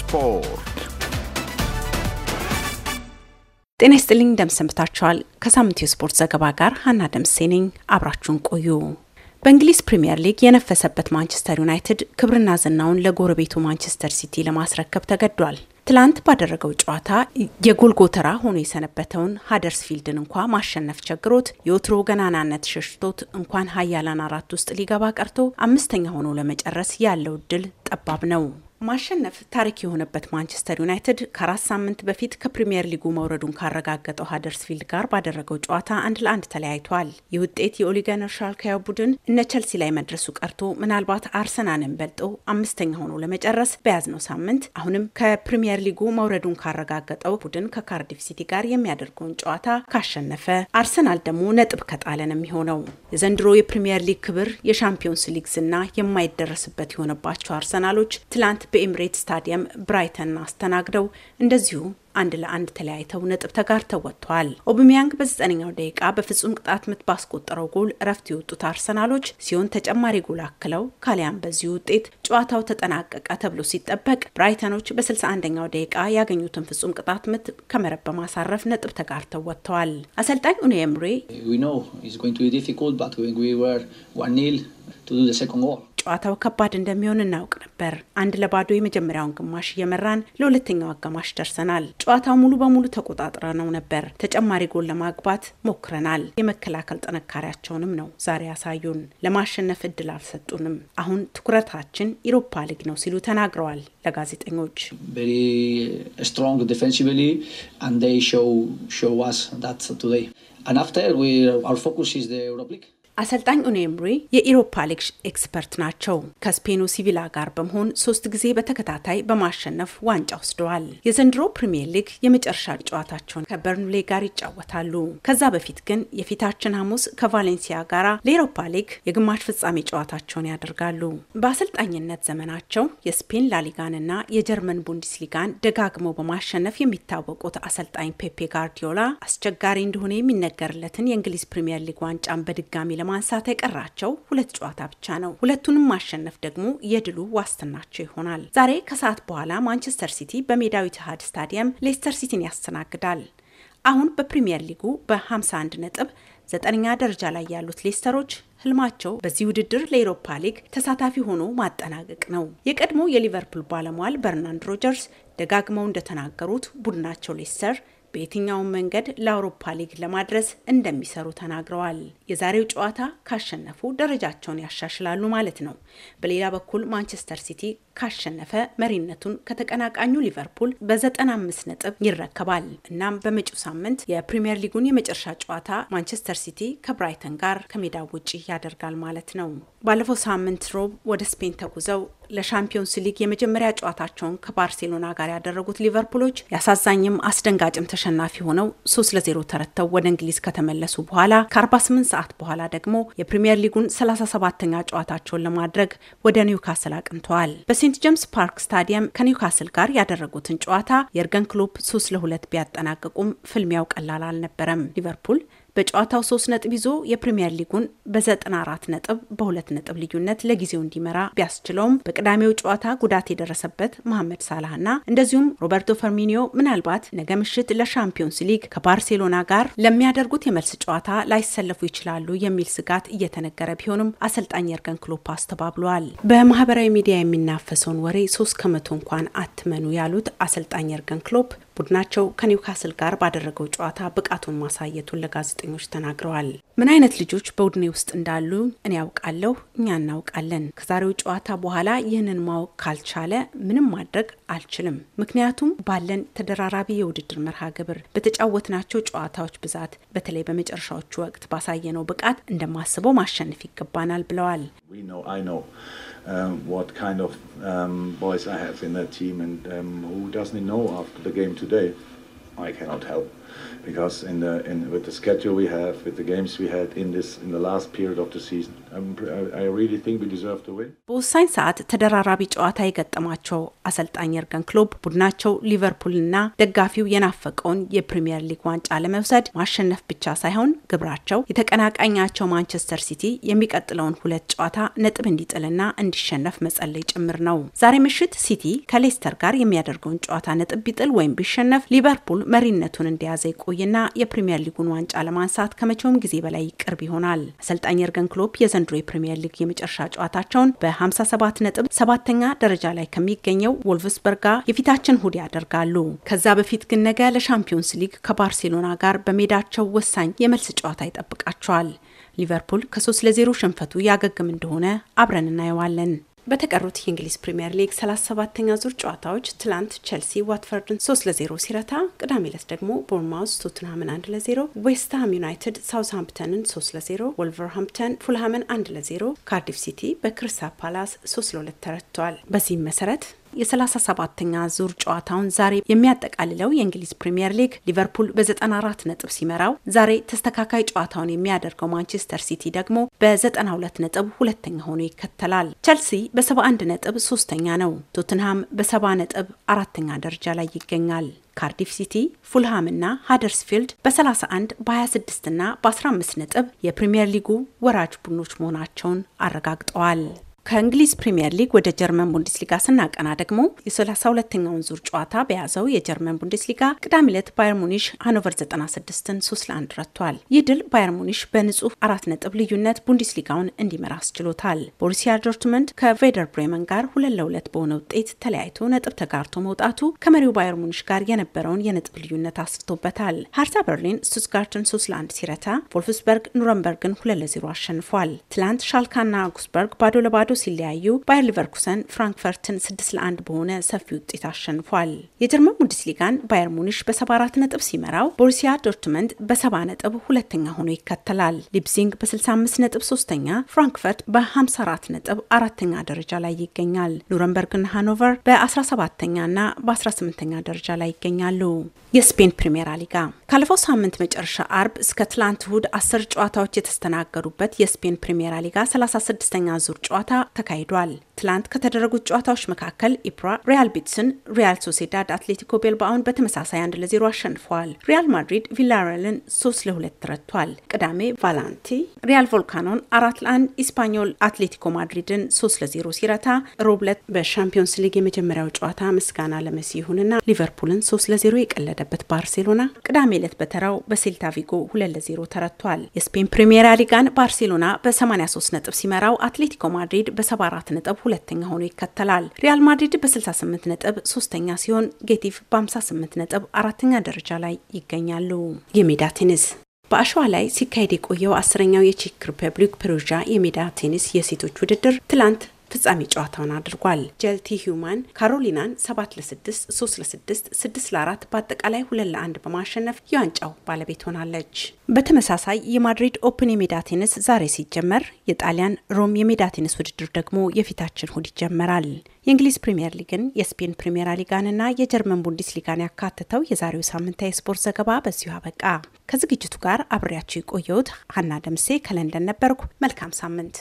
ስፖርት ጤና ይስጥልኝ። እንደምሰንብታችኋል። ከሳምንቱ የስፖርት ዘገባ ጋር ሀና ደምሴ ነኝ። አብራችሁን ቆዩ። በእንግሊዝ ፕሪምየር ሊግ የነፈሰበት ማንቸስተር ዩናይትድ ክብርና ዝናውን ለጎረቤቱ ማንቸስተር ሲቲ ለማስረከብ ተገዷል። ትላንት ባደረገው ጨዋታ የጎልጎተራ ሆኖ የሰነበተውን ሀደርስፊልድን እንኳ ማሸነፍ ቸግሮት የወትሮ ገናናነት ሸሽቶት እንኳን ሀያላን አራት ውስጥ ሊገባ ቀርቶ አምስተኛ ሆኖ ለመጨረስ ያለው እድል ጠባብ ነው። ማሸነፍ ታሪክ የሆነበት ማንቸስተር ዩናይትድ ከአራት ሳምንት በፊት ከፕሪምየር ሊጉ መውረዱን ካረጋገጠው ሀደርስፊልድ ጋር ባደረገው ጨዋታ አንድ ለአንድ ተለያይቷል። ይህ ውጤት የኦሊገነር ቡድን እነ ቸልሲ ላይ መድረሱ ቀርቶ ምናልባት አርሰናልን በልጦ አምስተኛ ሆኖ ለመጨረስ በያዝነው ሳምንት አሁንም ከፕሪምየር ሊጉ መውረዱን ካረጋገጠው ቡድን ከካርዲፍ ሲቲ ጋር የሚያደርገውን ጨዋታ ካሸነፈ፣ አርሰናል ደግሞ ነጥብ ከጣለ ነው የሚሆነው። የዘንድሮ የፕሪምየር ሊግ ክብር፣ የሻምፒዮንስ ሊግ ዝና የማይደረስበት የሆነባቸው አርሰናሎች ትላንት በኤምሬት ስታዲየም ብራይተን አስተናግደው እንደዚሁ አንድ ለአንድ ተለያይተው ነጥብ ተጋር ተወጥተዋል። ኦብሚያንግ በዘጠነኛው ደቂቃ በፍጹም ቅጣት ምት ባስቆጠረው ጎል እረፍት የወጡት አርሰናሎች ሲሆን ተጨማሪ ጎል አክለው ካሊያን በዚሁ ውጤት ጨዋታው ተጠናቀቀ ተብሎ ሲጠበቅ ብራይተኖች በ61ኛው ደቂቃ ያገኙትን ፍጹም ቅጣት ምት ከመረብ በማሳረፍ ነጥብ ተጋር ተወጥተዋል። አሰልጣኝ ኡኔ ኤምሬ ጨዋታው ከባድ እንደሚሆን እናውቅ ነበር። አንድ ለባዶ የመጀመሪያውን ግማሽ እየመራን ለሁለተኛው አጋማሽ ደርሰናል። ጨዋታው ሙሉ በሙሉ ተቆጣጥረ ነው ነበር። ተጨማሪ ጎል ለማግባት ሞክረናል። የመከላከል ጥንካሬያቸውንም ነው ዛሬ ያሳዩን። ለማሸነፍ እድል አልሰጡንም። አሁን ትኩረታችን ኢሮፓ ሊግ ነው ሲሉ ተናግረዋል ለጋዜጠኞች። And አሰልጣኝ ኡኔምሪ የኢሮፓ ሊግ ኤክስፐርት ናቸው። ከስፔኑ ሲቪላ ጋር በመሆን ሶስት ጊዜ በተከታታይ በማሸነፍ ዋንጫ ወስደዋል። የዘንድሮ ፕሪምየር ሊግ የመጨረሻ ጨዋታቸውን ከበርንሌ ጋር ይጫወታሉ። ከዛ በፊት ግን የፊታችን ሐሙስ ከቫሌንሲያ ጋር ለኢሮፓ ሊግ የግማሽ ፍጻሜ ጨዋታቸውን ያደርጋሉ። በአሰልጣኝነት ዘመናቸው የስፔን ላሊጋንና የጀርመን ቡንደስሊጋን ደጋግመው በማሸነፍ የሚታወቁት አሰልጣኝ ፔፔ ጋርዲዮላ አስቸጋሪ እንደሆነ የሚነገርለትን የእንግሊዝ ፕሪምየር ሊግ ዋንጫን በድጋሚ ለማንሳት የቀራቸው ሁለት ጨዋታ ብቻ ነው። ሁለቱንም ማሸነፍ ደግሞ የድሉ ዋስትናቸው ይሆናል። ዛሬ ከሰዓት በኋላ ማንቸስተር ሲቲ በሜዳዊ ትሃድ ስታዲየም ሌስተር ሲቲን ያስተናግዳል። አሁን በፕሪምየር ሊጉ በ51 ነጥብ ዘጠነኛ ደረጃ ላይ ያሉት ሌስተሮች ህልማቸው በዚህ ውድድር ለኤሮፓ ሊግ ተሳታፊ ሆኖ ማጠናቀቅ ነው። የቀድሞ የሊቨርፑል ባለሟል በርናንድ ሮጀርስ ደጋግመው እንደተናገሩት ቡድናቸው ሌስተር በየትኛውም መንገድ ለአውሮፓ ሊግ ለማድረስ እንደሚሰሩ ተናግረዋል። የዛሬው ጨዋታ ካሸነፉ ደረጃቸውን ያሻሽላሉ ማለት ነው። በሌላ በኩል ማንቸስተር ሲቲ ካሸነፈ መሪነቱን ከተቀናቃኙ ሊቨርፑል በ95 ነጥብ ይረከባል። እናም በመጪው ሳምንት የፕሪምየር ሊጉን የመጨረሻ ጨዋታ ማንቸስተር ሲቲ ከብራይተን ጋር ከሜዳው ውጪ ያደርጋል ማለት ነው። ባለፈው ሳምንት ሮብ ወደ ስፔን ተጉዘው ለሻምፒዮንስ ሊግ የመጀመሪያ ጨዋታቸውን ከባርሴሎና ጋር ያደረጉት ሊቨርፑሎች የአሳዛኝም አስደንጋጭም ተሸናፊ ሆነው ሶስት ለዜሮ ተረተው ወደ እንግሊዝ ከተመለሱ በኋላ ከ48 ሰዓት በኋላ ደግሞ የፕሪምየር ሊጉን 37ተኛ ጨዋታቸውን ለማድረግ ወደ ኒውካስል አቅንተዋል። በሴንት ጄምስ ፓርክ ስታዲየም ከኒውካስል ጋር ያደረጉትን ጨዋታ የእርገን ክሎፕ ሶስት ለሁለት ቢያጠናቅቁም ፍልሚያው ቀላል አልነበረም። ሊቨርፑል በጨዋታው ሶስት ነጥብ ይዞ የፕሪምየር ሊጉን በ94 ነጥብ በሁለት ነጥብ ልዩነት ለጊዜው እንዲመራ ቢያስችለውም በቅዳሜው ጨዋታ ጉዳት የደረሰበት መሐመድ ሳላህና እንደዚሁም ሮበርቶ ፈርሚኒዮ ምናልባት ነገ ምሽት ለሻምፒዮንስ ሊግ ከባርሴሎና ጋር ለሚያደርጉት የመልስ ጨዋታ ላይሰለፉ ይችላሉ የሚል ስጋት እየተነገረ ቢሆንም አሰልጣኝ የርገን ክሎፕ አስተባብለዋል። በማህበራዊ ሚዲያ የሚናፈሰውን ወሬ ሶስት ከመቶ እንኳን አትመኑ ያሉት አሰልጣኝ የርገን ክሎፕ ቡድናቸው ከኒውካስል ጋር ባደረገው ጨዋታ ብቃቱን ማሳየቱን ለጋዜጠኞች ተናግረዋል። ምን አይነት ልጆች በቡድኔ ውስጥ እንዳሉ እኔ ያውቃለሁ፣ እኛ እናውቃለን። ከዛሬው ጨዋታ በኋላ ይህንን ማወቅ ካልቻለ ምንም ማድረግ አልችልም። ምክንያቱም ባለን ተደራራቢ የውድድር መርሃ ግብር፣ በተጫወትናቸው ጨዋታዎች ብዛት፣ በተለይ በመጨረሻዎቹ ወቅት ባሳየነው ብቃት እንደማስበው ማሸነፍ ይገባናል ብለዋል። because in the in with the schedule we have, with the games we had in this in the last period of the season, I'm, I really think we deserve to win. በወሳኝ ሰዓት ተደራራቢ ጨዋታ የገጠማቸው አሰልጣኝ የርገን ክሎብ ቡድናቸው ሊቨርፑልና ደጋፊው የናፈቀውን የፕሪሚየር ሊግ ዋንጫ ለመውሰድ ማሸነፍ ብቻ ሳይሆን ግብራቸው የተቀናቃኛቸው ማንቸስተር ሲቲ የሚቀጥለውን ሁለት ጨዋታ ነጥብ እንዲጥልና እንዲሸነፍ መጸለይ ጭምር ነው። ዛሬ ምሽት ሲቲ ከሌስተር ጋር የሚያደርገውን ጨዋታ ነጥብ ቢጥል ወይም ቢሸነፍ ሊቨርፑል መሪነቱን እንደያዘ ይቆ ለማቆይና የፕሪምየር ሊጉን ዋንጫ ለማንሳት ከመቼውም ጊዜ በላይ ቅርብ ይሆናል። አሰልጣኝ የርገን ክሎፕ የዘንድሮ የፕሪምየር ሊግ የመጨረሻ ጨዋታቸውን በ57 ነጥብ ሰባተኛ ደረጃ ላይ ከሚገኘው ወልቭስበርጋ የፊታችን እሁድ ያደርጋሉ። ከዛ በፊት ግን ነገ ለሻምፒዮንስ ሊግ ከባርሴሎና ጋር በሜዳቸው ወሳኝ የመልስ ጨዋታ ይጠብቃቸዋል። ሊቨርፑል ከ3 ለዜሮ ሽንፈቱ ያገግም እንደሆነ አብረን እናየዋለን። በተቀሩት የእንግሊዝ ፕሪምየር ሊግ 37ተኛ ዙር ጨዋታዎች ትላንት ቸልሲ ዋትፈርድን 3 ለ0 ሲረታ፣ ቅዳሜ ዕለት ደግሞ ቦርማውስ ቶትንሃምን 1 ለ0፣ ዌስትሃም ዩናይትድ ሳውዝሃምፕተንን 3 ለ0፣ ወልቨርሃምፕተን ፉልሃምን 1 ለ0፣ ካርዲፍ ሲቲ በክሪስታል ፓላስ 3 ለ2 ተረትተዋል። በዚህም መሰረት የ37ኛ ዙር ጨዋታውን ዛሬ የሚያጠቃልለው የእንግሊዝ ፕሪምየር ሊግ ሊቨርፑል በ94 ነጥብ ሲመራው ዛሬ ተስተካካይ ጨዋታውን የሚያደርገው ማንቸስተር ሲቲ ደግሞ በ92 ነጥብ ሁለተኛ ሆኖ ይከተላል። ቸልሲ በ71 ነጥብ ሶስተኛ ነው። ቶትንሃም በ70 ነጥብ አራተኛ ደረጃ ላይ ይገኛል። ካርዲፍ ሲቲ፣ ፉልሃም እና ሃደርስፊልድ በ31 በ26 እና በ15 ነጥብ የፕሪምየር ሊጉ ወራጅ ቡድኖች መሆናቸውን አረጋግጠዋል። ከእንግሊዝ ፕሪምየር ሊግ ወደ ጀርመን ቡንደስሊጋ ስናቀና ደግሞ የ32ኛውን ዙር ጨዋታ በያዘው የጀርመን ቡንደስሊጋ ቅዳሜ ዕለት ባየር ሙኒሽ ሃኖቨር 96ን 3 ለ1 ረቷል። ይህ ድል ባየር ሙኒሽ በንጹህ አራት ነጥብ ልዩነት ቡንደስሊጋውን እንዲመራ አስችሎታል። ቦሩሲያ ዶርትመንድ ከቬደር ብሬመን ጋር ሁለት ለሁለት በሆነ ውጤት ተለያይቶ ነጥብ ተጋርቶ መውጣቱ ከመሪው ባየር ሙኒሽ ጋር የነበረውን የነጥብ ልዩነት አስፍቶበታል። ሀርታ በርሊን ስቱትጋርትን 3 ለ1 ሲረታ ቮልፍስበርግ ኑረንበርግን 2 ለ0 አሸንፏል። ትላንት ሻልካና አጉስበርግ ባዶ ለባዶ ሲለያዩ ባየር ሊቨርኩሰን ፍራንክፈርትን ስድስት ለአንድ በሆነ ሰፊ ውጤት አሸንፏል። የጀርመን ቡንደስሊጋን ባየር ሙኒሽ በ74 ነጥብ ሲመራው ቦሩሲያ ዶርትመንድ በ70 ነጥብ ሁለተኛ ሆኖ ይከተላል። ሊፕዚንግ በ65 ነጥብ ሶስተኛ፣ ፍራንክፈርት በ54 ነጥብ አራተኛ ደረጃ ላይ ይገኛል። ኑረንበርግና ሃኖቨር በ 17 ና በ18ኛ ደረጃ ላይ ይገኛሉ። የስፔን ፕሪሜራ ሊጋ ካለፈው ሳምንት መጨረሻ አርብ እስከ ትላንት እሁድ አስር ጨዋታዎች የተስተናገዱበት የስፔን ፕሪሜራ ሊጋ 36ኛ ዙር ጨዋታ ተካሂዷል። ትላንት ከተደረጉት ጨዋታዎች መካከል ኢፕራ ሪያል ቤቲስን፣ ሪያል ሶሴዳድ አትሌቲኮ ቤልባውን በተመሳሳይ አንድ ለዜሮ አሸንፈዋል። ሪያል ማድሪድ ቪላሪያልን ሶስት ለሁለት ተረቷል። ቅዳሜ ቫላንቲ ሪያል ቮልካኖን አራት ለአንድ፣ ኢስፓኞል አትሌቲኮ ማድሪድን ሶስት ለዜሮ ሲረታ፣ ሮብለት በሻምፒዮንስ ሊግ የመጀመሪያው ጨዋታ ምስጋና ለመሲ ይሁንና ሊቨርፑልን ሶስት ለዜሮ የቀለደበት ባርሴሎና ቅዳሜ ዕለት በተራው በሴልታ ቪጎ ሁለት ለዜሮ ተረቷል። የስፔን ፕሪሚየራ ሊጋን ባርሴሎና በ83 ነጥብ ሲመራው አትሌቲኮ ማድሪድ በ74 ነጥብ ሁለተኛ ሆኖ ይከተላል። ሪያል ማድሪድ በ68 ነጥብ ሶስተኛ ሲሆን ጌቲቭ በ58 ነጥብ አራተኛ ደረጃ ላይ ይገኛሉ። የሜዳ ቴኒስ በአሸዋ ላይ ሲካሄድ የቆየው አስረኛው የቼክ ሪፐብሊክ ፕሮዣ የሜዳ ቴኒስ የሴቶች ውድድር ትላንት ፍጻሜ ጨዋታውን አድርጓል። ጀልቲ ሂውማን ካሮሊናን 7 ለ6፣ 3 ለ6፣ 6 ለ4 በአጠቃላይ 2 ለ1 በማሸነፍ የዋንጫው ባለቤት ሆናለች። በተመሳሳይ የማድሪድ ኦፕን የሜዳ ቴኒስ ዛሬ ሲጀመር የጣሊያን ሮም የሜዳ ቴኒስ ውድድር ደግሞ የፊታችን እሁድ ይጀመራል። የእንግሊዝ ፕሪምየር ሊግን የስፔን ፕሪምየራ ሊጋንና የጀርመን ቡንዲስ ሊጋን ያካተተው የዛሬው ሳምንታ የስፖርት ዘገባ በዚሁ አበቃ። ከዝግጅቱ ጋር አብሬያችሁ የቆየሁት ሀና ደምሴ ከለንደን ነበርኩ። መልካም ሳምንት።